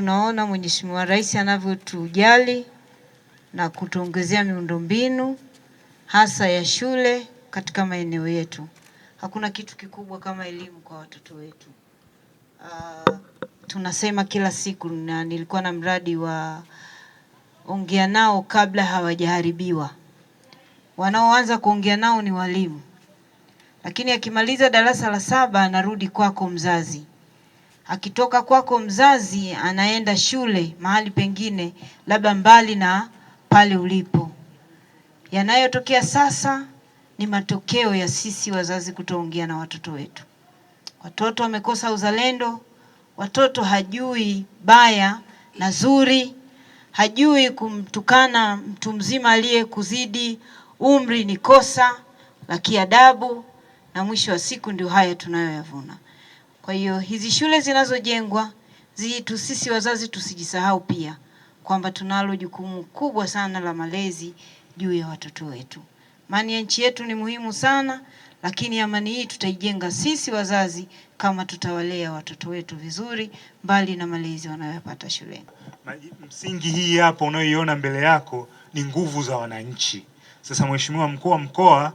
tunaona Mheshimiwa Rais anavyotujali na kutuongezea miundombinu hasa ya shule katika maeneo yetu. Hakuna kitu kikubwa kama elimu kwa watoto wetu. Uh, tunasema kila siku na nilikuwa na mradi wa ongea nao kabla hawajaharibiwa. Wanaoanza kuongea nao ni walimu, lakini akimaliza darasa la saba anarudi kwako mzazi akitoka kwako mzazi anaenda shule mahali pengine, labda mbali na pale ulipo. Yanayotokea sasa ni matokeo ya sisi wazazi kutoongea na watoto wetu. Watoto wamekosa uzalendo, watoto hajui baya na zuri, hajui kumtukana mtu mzima aliye kuzidi umri ni kosa la kiadabu, na mwisho wa siku ndio haya tunayoyavuna. Kwa hiyo hizi shule zinazojengwa zitu, sisi wazazi tusijisahau pia kwamba tunalo jukumu kubwa sana la malezi juu ya watoto wetu. Amani ya nchi yetu ni muhimu sana, lakini amani hii tutaijenga sisi wazazi kama tutawalea watoto wetu vizuri, mbali na malezi wanayopata shuleni. Msingi hii hapa unayoiona mbele yako ni nguvu za wananchi. Sasa Mheshimiwa Mkuu wa Mkoa,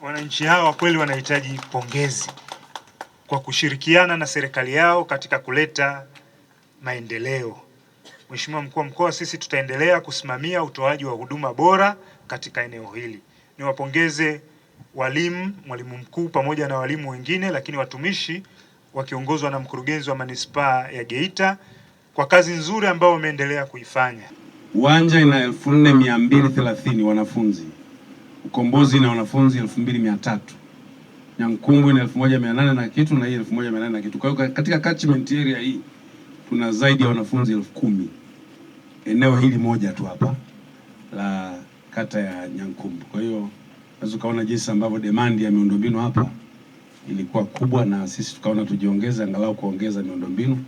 wananchi hawa kweli wanahitaji pongezi kwa kushirikiana na serikali yao katika kuleta maendeleo. Mheshimiwa Mkuu wa Mkoa, sisi tutaendelea kusimamia utoaji wa huduma bora katika eneo hili. Niwapongeze walimu, mwalimu mkuu pamoja na walimu wengine, lakini watumishi wakiongozwa na mkurugenzi wa manispaa ya Geita kwa kazi nzuri ambayo wameendelea kuifanya. Uwanja ina 4230 wanafunzi, ukombozi na wanafunzi 2300 nyankumbu ni elfu moja mia nane na kitu na hii elfu moja mia nane na kitu. Kwa hiyo katika catchment area hii tuna zaidi ya wanafunzi elfu kumi eneo hili moja tu hapa la kata ya nyankumbu Kwa hiyo unaweza ukaona jinsi ambavyo demand ya miundombinu hapa ilikuwa kubwa, na sisi tukaona tujiongeze angalau kuongeza miundombinu.